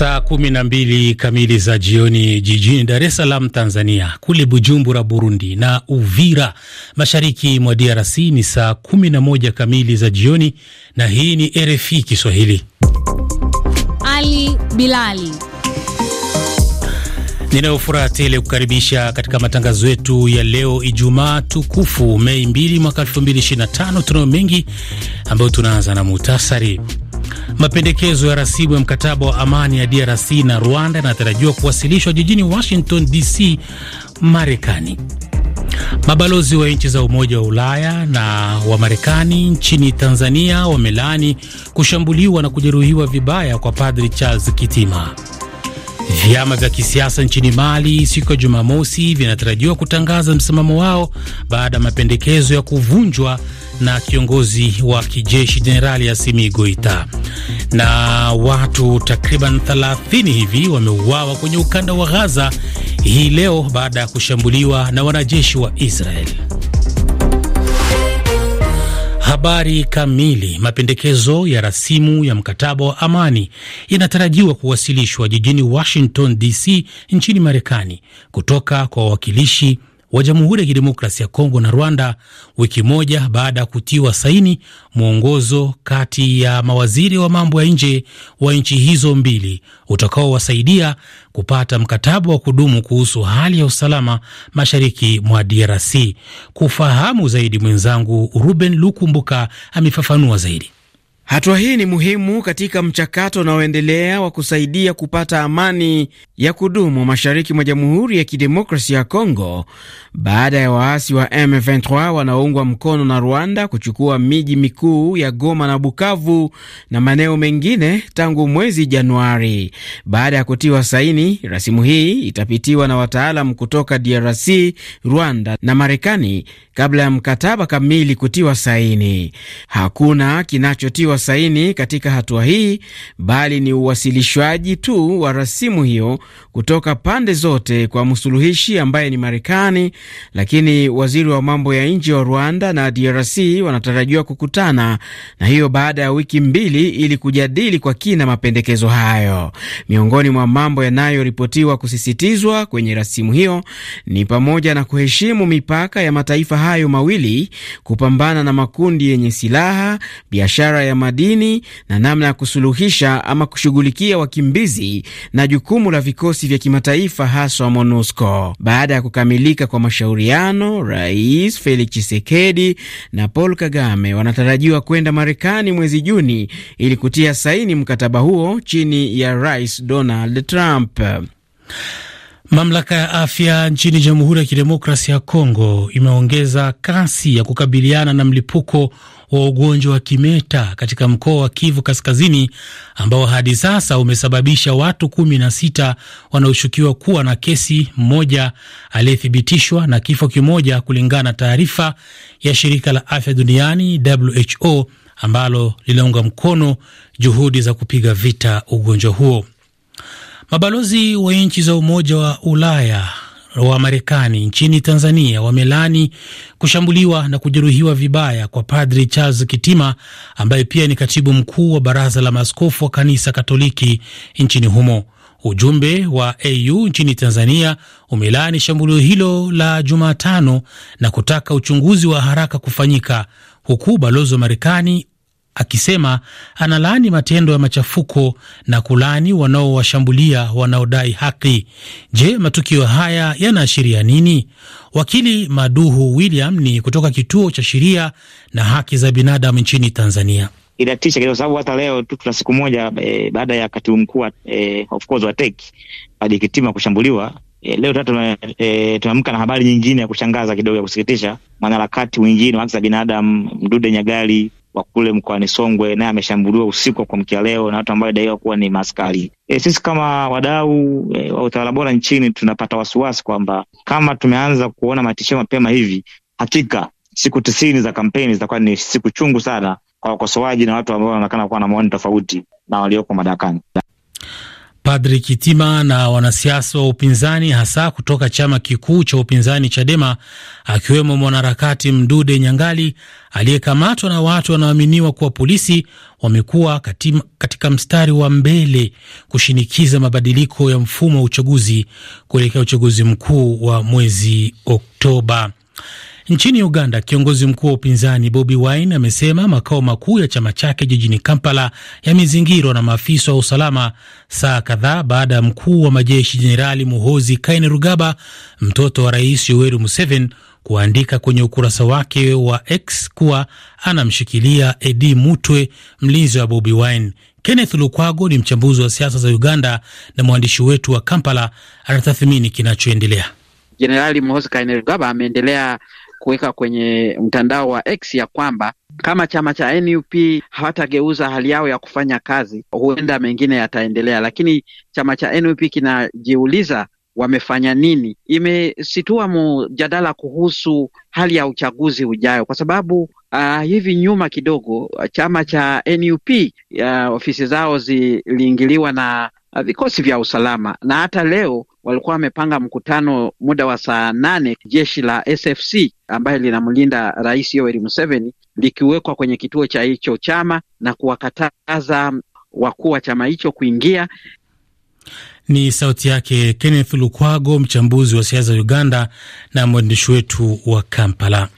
Saa kumi na mbili kamili za jioni jijini Dar es Salaam, Tanzania. Kule Bujumbura, Burundi na Uvira, mashariki mwa DRC ni saa kumi na moja kamili za jioni, na hii ni RFI Kiswahili. Ali Bilali ninayofuraha tele kukaribisha katika matangazo yetu ya leo Ijumaa tukufu Mei 2 mwaka 2025. Tunayo mengi ambayo tunaanza na muhtasari Mapendekezo ya rasimu ya mkataba wa amani ya DRC na Rwanda yanatarajiwa kuwasilishwa jijini Washington DC, Marekani. Mabalozi wa nchi za Umoja wa Ulaya na wa Marekani nchini Tanzania wamelaani kushambuliwa na kujeruhiwa vibaya kwa Padri Charles Kitima. Vyama vya kisiasa nchini Mali siku ya Jumamosi vinatarajiwa kutangaza msimamo wao baada ya mapendekezo ya kuvunjwa na kiongozi wa kijeshi Jenerali Asimi Goita. Na watu takriban 30 hivi wameuawa kwenye ukanda wa Gaza hii leo baada ya kushambuliwa na wanajeshi wa Israeli. Habari kamili. Mapendekezo ya rasimu ya mkataba wa amani yanatarajiwa kuwasilishwa jijini Washington DC nchini Marekani kutoka kwa wawakilishi wa Jamhuri ya Kidemokrasia ya Kongo na Rwanda, wiki moja baada ya kutiwa saini mwongozo kati ya mawaziri wa mambo ya nje wa nchi hizo mbili utakaowasaidia kupata mkataba wa kudumu kuhusu hali ya usalama mashariki mwa DRC. Kufahamu zaidi, mwenzangu Ruben Lukumbuka amefafanua zaidi. Hatua hii ni muhimu katika mchakato unaoendelea wa kusaidia kupata amani ya kudumu mashariki mwa Jamhuri ya Kidemokrasia ya Kongo baada ya waasi wa M23 wanaoungwa mkono na Rwanda kuchukua miji mikuu ya Goma na Bukavu na maeneo mengine tangu mwezi Januari. Baada ya kutiwa saini, rasimu hii itapitiwa na wataalam kutoka DRC, Rwanda na Marekani kabla ya mkataba kamili kutiwa saini. Hakuna kinachotiwa saini katika hatua hii, bali ni uwasilishwaji tu wa rasimu hiyo kutoka pande zote kwa msuluhishi ambaye ni Marekani, lakini waziri wa mambo ya nje wa Rwanda na DRC wanatarajiwa kukutana na hiyo baada ya wiki mbili ili kujadili kwa kina mapendekezo hayo. Miongoni mwa mambo yanayoripotiwa kusisitizwa kwenye rasimu hiyo ni pamoja na kuheshimu mipaka ya mataifa hayo mawili, kupambana na makundi yenye silaha, biashara ya madini na namna ya kusuluhisha ama kushughulikia wakimbizi na jukumu la vikosi vya kimataifa haswa MONUSCO. Baada ya kukamilika kwa mashauriano, Rais Felix Tshisekedi na Paul Kagame wanatarajiwa kwenda Marekani mwezi Juni ili kutia saini mkataba huo chini ya Rais Donald Trump. Mamlaka ya afya nchini Jamhuri ya Kidemokrasia ya Kongo imeongeza kasi ya kukabiliana na mlipuko wa ugonjwa wa kimeta katika mkoa wa Kivu Kaskazini ambao hadi sasa umesababisha watu kumi na sita wanaoshukiwa kuwa na kesi mmoja aliyethibitishwa na kifo kimoja, kulingana na taarifa ya shirika la afya duniani WHO ambalo linaunga mkono juhudi za kupiga vita ugonjwa huo. Mabalozi wa nchi za Umoja wa Ulaya wa Marekani nchini Tanzania wamelani kushambuliwa na kujeruhiwa vibaya kwa Padri Charles Kitima ambaye pia ni katibu mkuu wa Baraza la Maaskofu wa Kanisa Katoliki nchini humo. Ujumbe wa AU nchini Tanzania umelani shambulio hilo la Jumatano na kutaka uchunguzi wa haraka kufanyika, huku balozi wa Marekani akisema analaani matendo ya machafuko na kulaani wanaowashambulia wanaodai haki. Je, matukio haya yanaashiria nini? Wakili Maduhu William ni kutoka kituo cha sheria na haki za binadamu nchini Tanzania. Inatisha kwa sababu hata leo tu tuna siku moja e, baada ya katibu mkuu e, of course wa TEC Ajikitima kushambuliwa e, leo tatu e, tunaamka na habari nyingine ya kushangaza kidogo ya kusikitisha, mwanaharakati wengine wa haki za binadamu Mdude Nyagali wa kule mkoani Songwe naye ameshambuliwa usiku wa kuamkia leo na watu ambao daiwa kuwa ni maskari. E, sisi kama wadau e, wa utawala bora nchini tunapata wasiwasi kwamba kama tumeanza kuona matishio mapema hivi, hakika siku tisini za kampeni zitakuwa ni siku chungu sana kwa wakosoaji na watu ambao wanaonekana kuwa na maoni tofauti na walioko madarakani. Padri Kitima na wanasiasa wa upinzani hasa kutoka chama kikuu cha upinzani Chadema, akiwemo mwanaharakati Mdude Nyangali aliyekamatwa na watu wanaoaminiwa kuwa polisi, wamekuwa katika mstari wa mbele kushinikiza mabadiliko ya mfumo wa uchaguzi kuelekea uchaguzi mkuu wa mwezi Oktoba. Nchini Uganda, kiongozi mkuu wa upinzani Bobi Wine amesema makao makuu ya chama chake jijini Kampala yamezingirwa na maafisa wa usalama saa kadhaa baada ya mkuu wa majeshi Jenerali Muhozi Kainerugaba, mtoto wa Rais Yoweri Museveni, kuandika kwenye ukurasa wake wa X kuwa anamshikilia Edi Mutwe, mlinzi wa Bobi Wine. Kenneth Lukwago ni mchambuzi wa siasa za Uganda na mwandishi wetu wa Kampala, anatathmini kinachoendelea. Jenerali Muhozi Kainerugaba ameendelea kuweka kwenye mtandao wa X ya kwamba kama chama cha NUP hawatageuza hali yao ya kufanya kazi, huenda mengine yataendelea, lakini chama cha NUP kinajiuliza wamefanya nini. Imesitua mjadala kuhusu hali ya uchaguzi ujayo, kwa sababu uh, hivi nyuma kidogo chama cha NUP uh, ah, ofisi zao ziliingiliwa na vikosi vya usalama na hata leo walikuwa wamepanga mkutano muda wa saa nane, jeshi la SFC ambayo linamlinda Rais Yoweri Museveni likiwekwa kwenye kituo cha hicho chama na kuwakataza wakuu wa chama hicho kuingia. Ni sauti yake Kenneth Lukwago, mchambuzi wa siasa za Uganda na mwandishi wetu wa Kampala.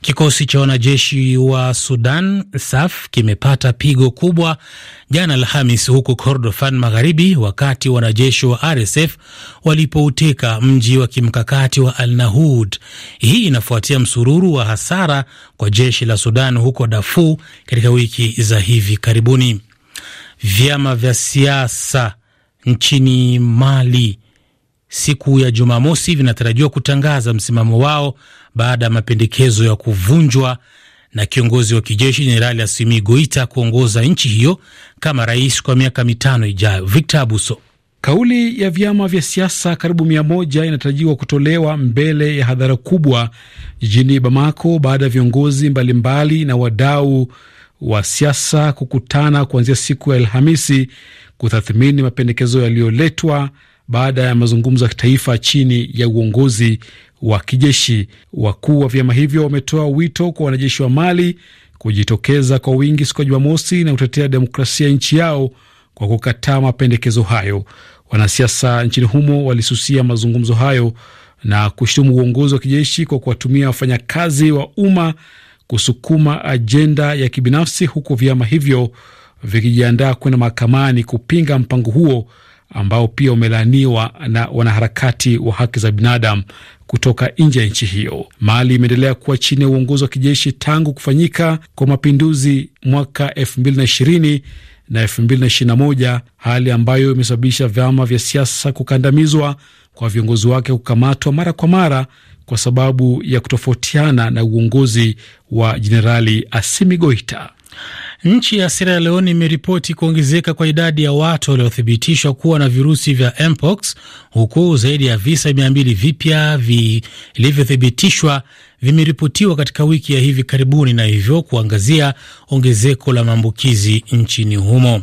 Kikosi cha wanajeshi wa Sudan SAF kimepata pigo kubwa jana Alhamis huko Kordofan Magharibi, wakati wanajeshi wa RSF walipouteka mji wa kimkakati wa Al Nahud. Hii inafuatia msururu wa hasara kwa jeshi la Sudan huko dafu katika wiki za hivi karibuni. Vyama vya siasa nchini Mali siku ya Jumamosi vinatarajiwa kutangaza msimamo wao baada ya mapendekezo ya kuvunjwa na kiongozi wa kijeshi Jenerali Asimi Goita kuongoza nchi hiyo kama rais kwa miaka mitano ijayo. Victor Abuso. Kauli ya vyama vya siasa karibu mia moja inatarajiwa kutolewa mbele ya hadhara kubwa jijini Bamako baada ya viongozi mbalimbali na wadau wa siasa kukutana kuanzia siku ya Alhamisi kutathmini mapendekezo yaliyoletwa baada ya mazungumzo ya kitaifa chini ya uongozi wa kijeshi. Wakuu wa vyama hivyo wametoa wito kwa wanajeshi wa Mali kujitokeza kwa wingi siku ya Jumamosi na kutetea demokrasia nchi yao kwa kukataa mapendekezo hayo. Wanasiasa nchini humo walisusia mazungumzo hayo na kushutumu uongozi wa kijeshi kwa kuwatumia wafanyakazi wa umma kusukuma ajenda ya kibinafsi, huku vyama hivyo vikijiandaa kwenda mahakamani kupinga mpango huo ambao pia umelaaniwa na wanaharakati wa haki za binadamu kutoka nje ya nchi hiyo. Mali imeendelea kuwa chini ya uongozi wa kijeshi tangu kufanyika kwa mapinduzi mwaka 2020 na 2021, hali ambayo imesababisha vyama vya siasa kukandamizwa, kwa viongozi wake kukamatwa mara kwa mara kwa sababu ya kutofautiana na uongozi wa Jenerali Asimi Goita. Nchi ya Sierra Leone imeripoti kuongezeka kwa idadi ya watu waliothibitishwa kuwa na virusi vya mpox, huku zaidi ya visa mia mbili vipya vilivyothibitishwa vimeripotiwa katika wiki ya hivi karibuni, na hivyo kuangazia ongezeko la maambukizi nchini humo.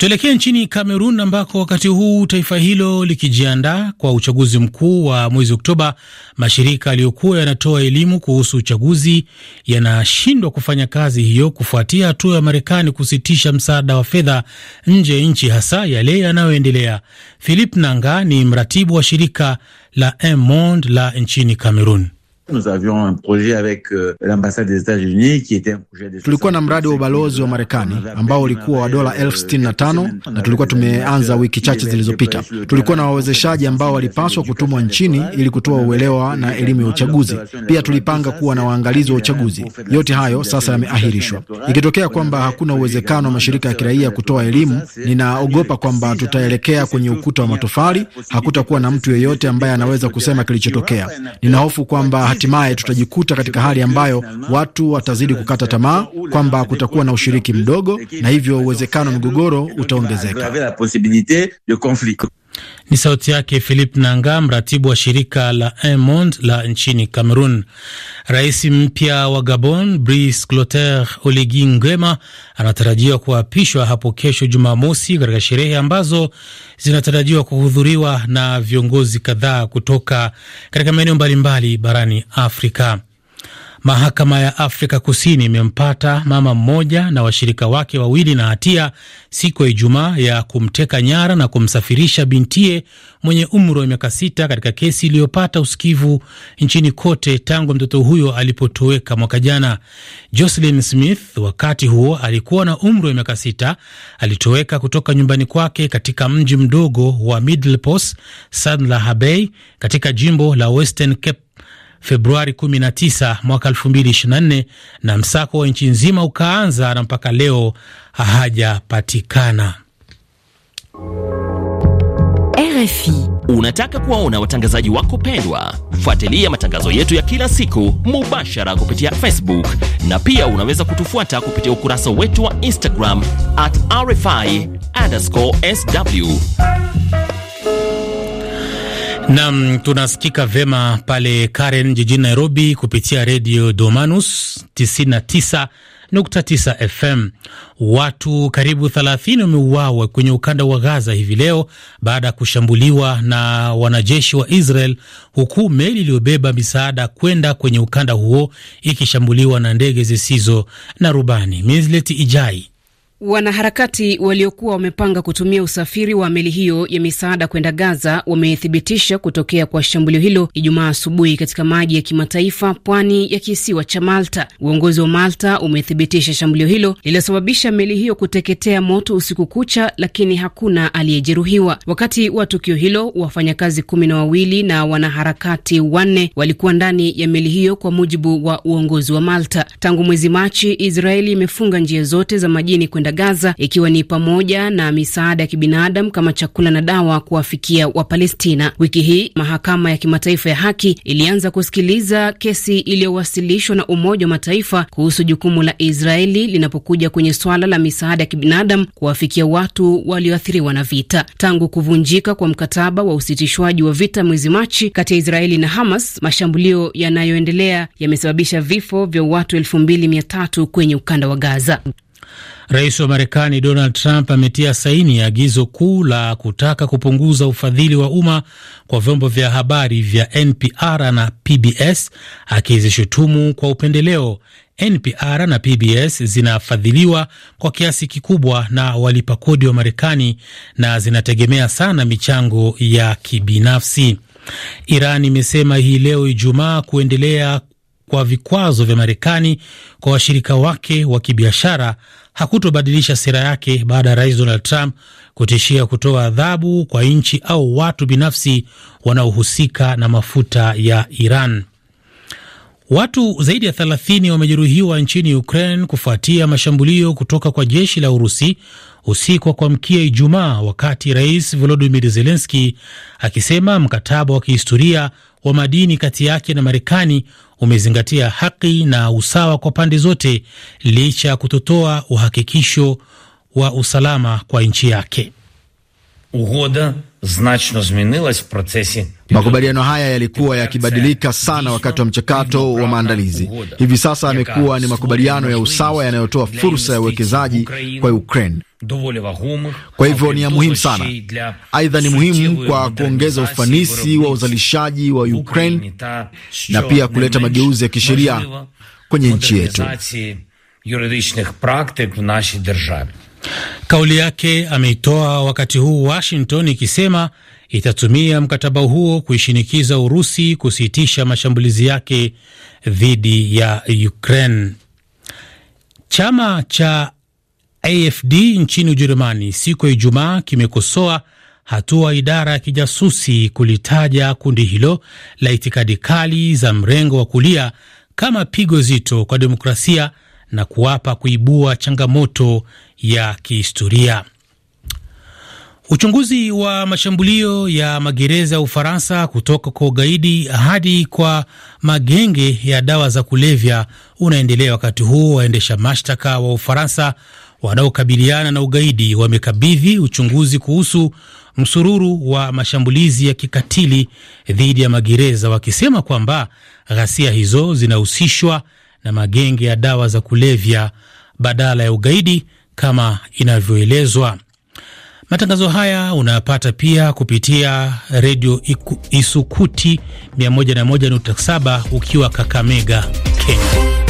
Tuelekee nchini Kamerun ambako wakati huu taifa hilo likijiandaa kwa uchaguzi mkuu wa mwezi Oktoba, mashirika yaliyokuwa yanatoa elimu kuhusu uchaguzi yanashindwa kufanya kazi hiyo kufuatia hatua ya Marekani kusitisha msaada wa fedha nje ya nchi, hasa yale yanayoendelea. Philip Nanga ni mratibu wa shirika la mond la nchini Kamerun. Nous avions un projet avec euh, l'ambassade des États-Unis qui était un projet de tulikuwa na mradi wa ubalozi wa Marekani ambao ulikuwa wa dola elfu sitini na euh, tano na tulikuwa tumeanza wiki chache zilizopita. Tulikuwa na wawezeshaji ambao walipaswa kutumwa nchini ili kutoa uelewa na elimu ya uchaguzi. Pia tulipanga kuwa na waangalizi wa uchaguzi. Yote hayo sasa yameahirishwa. Ikitokea kwamba hakuna uwezekano wa mashirika ya kiraia kutoa elimu, ninaogopa kwamba tutaelekea kwenye ukuta wa matofali. Hakutakuwa na mtu yeyote ambaye anaweza kusema kilichotokea. Ninahofu kwamba hatimaye tutajikuta katika hali ambayo watu watazidi kukata tamaa kwamba kutakuwa na ushiriki mdogo, na hivyo uwezekano wa migogoro utaongezeka. Ni sauti yake Philip Nanga, mratibu wa shirika la Emond la nchini Cameroon. Rais mpya wa Gabon Brice Clotaire Oligui Nguema anatarajiwa kuapishwa hapo kesho Jumamosi, katika sherehe ambazo zinatarajiwa kuhudhuriwa na viongozi kadhaa kutoka katika maeneo mbalimbali barani Afrika. Mahakama ya Afrika Kusini imempata mama mmoja na washirika wake wawili na hatia siku ya Ijumaa ya kumteka nyara na kumsafirisha bintie mwenye umri wa miaka sita katika kesi iliyopata usikivu nchini kote tangu mtoto huyo alipotoweka mwaka jana. Jocelyn Smith, wakati huo alikuwa na umri wa miaka sita, alitoweka kutoka nyumbani kwake katika mji mdogo wa Middelpos Sandlerhaby katika jimbo la Western Cape Februari 19 mwaka 2024 na msako wa nchi nzima ukaanza na mpaka leo hajapatikana. RFI. Unataka kuwaona watangazaji wako pendwa? Fuatilia matangazo yetu ya kila siku mubashara kupitia Facebook na pia unaweza kutufuata kupitia ukurasa wetu wa Instagram at rfi RFI_SW. Nam, tunasikika vyema pale Karen jijini Nairobi kupitia redio Domanus 99.9 FM. Watu karibu 30 wameuawa kwenye ukanda wa Gaza hivi leo baada ya kushambuliwa na wanajeshi wa Israel, huku meli iliyobeba misaada kwenda kwenye ukanda huo ikishambuliwa na ndege zisizo na rubani. Mizleti Ijai Wanaharakati waliokuwa wamepanga kutumia usafiri wa meli hiyo ya misaada kwenda Gaza wamethibitisha kutokea kwa shambulio hilo Ijumaa asubuhi katika maji ya kimataifa pwani ya kisiwa cha Malta. Uongozi wa Malta umethibitisha shambulio hilo lililosababisha meli hiyo kuteketea moto usiku kucha, lakini hakuna aliyejeruhiwa. Wakati wa tukio hilo, wafanyakazi kumi na wawili na wanaharakati wanne walikuwa ndani ya meli hiyo, kwa mujibu wa uongozi wa Malta. Tangu mwezi Machi, Israeli imefunga njia zote za majini kwenda ukanda Gaza, ikiwa ni pamoja na misaada ya kibinadamu kama chakula na dawa kuwafikia Wapalestina. Wiki hii mahakama ya kimataifa ya haki ilianza kusikiliza kesi iliyowasilishwa na Umoja wa Mataifa kuhusu jukumu la Israeli linapokuja kwenye swala la misaada ya kibinadamu kuwafikia watu walioathiriwa na vita. Tangu kuvunjika kwa mkataba wa usitishwaji wa vita mwezi Machi kati ya Israeli na Hamas, mashambulio yanayoendelea yamesababisha vifo vya watu elfu mbili mia tatu kwenye ukanda wa Gaza. Rais wa Marekani Donald Trump ametia saini ya agizo kuu la kutaka kupunguza ufadhili wa umma kwa vyombo vya habari vya NPR na PBS, akizishutumu kwa upendeleo. NPR na PBS zinafadhiliwa kwa kiasi kikubwa na walipa kodi wa Marekani na zinategemea sana michango ya kibinafsi. Iran imesema hii leo Ijumaa kuendelea kwa vikwazo vya Marekani kwa washirika wake wa kibiashara hakutobadilisha sera yake baada ya rais Donald Trump kutishia kutoa adhabu kwa nchi au watu binafsi wanaohusika na mafuta ya Iran. Watu zaidi ya thelathini wamejeruhiwa nchini Ukraine kufuatia mashambulio kutoka kwa jeshi la Urusi usiku wa kuamkia Ijumaa, wakati rais volodimir zelenski akisema mkataba wa kihistoria wa madini kati yake na Marekani umezingatia haki na usawa kwa pande zote licha ya kutotoa uhakikisho wa usalama kwa nchi yake. Ugoda Makubaliano haya yalikuwa yakibadilika sana wakati wa mchakato wa maandalizi. Hivi sasa amekuwa ni makubaliano ya usawa yanayotoa fursa ya uwekezaji kwa Ukraine. Kwa hivyo ni ya muhimu sana. Aidha, ni muhimu kwa kuongeza ufanisi wa uzalishaji wa Ukraine na pia kuleta mageuzi ya kisheria kwenye nchi yetu. Kauli yake ameitoa wakati huu Washington ikisema itatumia mkataba huo kuishinikiza Urusi kusitisha mashambulizi yake dhidi ya Ukraine. Chama cha AFD nchini Ujerumani siku ya Ijumaa kimekosoa hatua idara ya kijasusi kulitaja kundi hilo la itikadi kali za mrengo wa kulia kama pigo zito kwa demokrasia na kuapa kuibua changamoto ya kihistoria. Uchunguzi wa mashambulio ya magereza ya Ufaransa kutoka kwa ugaidi hadi kwa magenge ya dawa za kulevya unaendelea wakati huu waendesha mashtaka wa Ufaransa wanaokabiliana na ugaidi wamekabidhi uchunguzi kuhusu msururu wa mashambulizi ya kikatili dhidi ya magereza, wakisema kwamba ghasia hizo zinahusishwa na magenge ya dawa za kulevya badala ya ugaidi kama inavyoelezwa. Matangazo haya unayapata pia kupitia redio Isukuti 101.7 ukiwa Kakamega, Kenya.